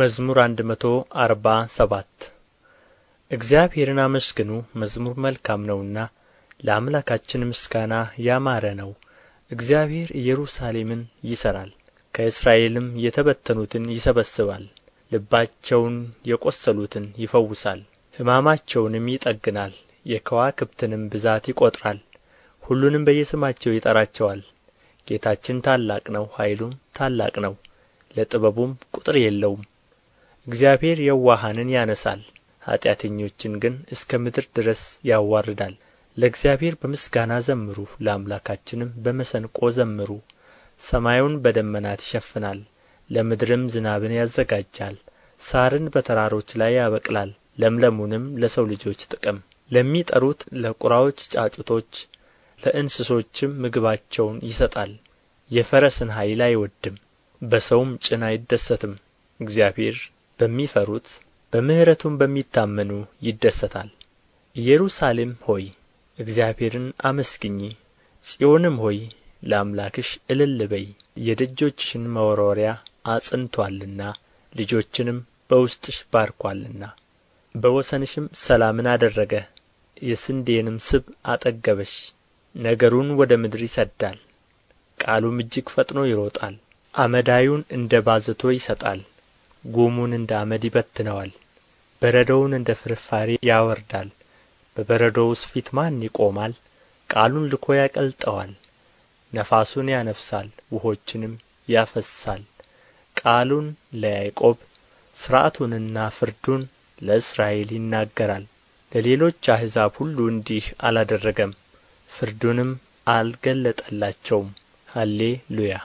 መዝሙር መቶ አርባ ሰባት እግዚአብሔርን አመስግኑ መዝሙር መልካም ነውና ለአምላካችን ምስጋና ያማረ ነው። እግዚአብሔር ኢየሩሳሌምን ይሠራል፣ ከእስራኤልም የተበተኑትን ይሰበስባል። ልባቸውን የቈሰሉትን ይፈውሳል፣ ሕማማቸውንም ይጠግናል። የከዋክብትንም ብዛት ይቈጥራል፣ ሁሉንም በየስማቸው ይጠራቸዋል። ጌታችን ታላቅ ነው፣ ኃይሉም ታላቅ ነው፣ ለጥበቡም ቁጥር የለውም። እግዚአብሔር የዋሃንን ያነሣል ኃጢአተኞችን ግን እስከ ምድር ድረስ ያዋርዳል ለእግዚአብሔር በምስጋና ዘምሩ ለአምላካችንም በመሰንቆ ዘምሩ ሰማዩን በደመናት ይሸፍናል ለምድርም ዝናብን ያዘጋጃል ሳርን በተራሮች ላይ ያበቅላል ለምለሙንም ለሰው ልጆች ጥቅም ለሚጠሩት ለቁራዎች ጫጩቶች ለእንስሶችም ምግባቸውን ይሰጣል የፈረስን ኃይል አይወድም በሰውም ጭን አይደሰትም እግዚአብሔር በሚፈሩት በምሕረቱም በሚታመኑ ይደሰታል ኢየሩሳሌም ሆይ እግዚአብሔርን አመስግኚ ጽዮንም ሆይ ለአምላክሽ እልል በይ። የደጆችሽን መወረወሪያ አጽንቶአልና ልጆችንም በውስጥሽ ባርኳልና በወሰንሽም ሰላምን አደረገ የስንዴንም ስብ አጠገበሽ ነገሩን ወደ ምድር ይሰዳል ቃሉም እጅግ ፈጥኖ ይሮጣል አመዳዩን እንደ ባዘቶ ይሰጣል ጉሙን እንደ አመድ ይበትነዋል በረዶውን እንደ ፍርፋሪ ያወርዳል በበረዶውስ ፊት ማን ይቆማል ቃሉን ልኮ ያቀልጠዋል ነፋሱን ያነፍሳል ውሆችንም ያፈሳል ቃሉን ለያዕቆብ ሥርዓቱንና ፍርዱን ለእስራኤል ይናገራል ለሌሎች አሕዛብ ሁሉ እንዲህ አላደረገም ፍርዱንም አልገለጠላቸውም ሃሌ ሉያ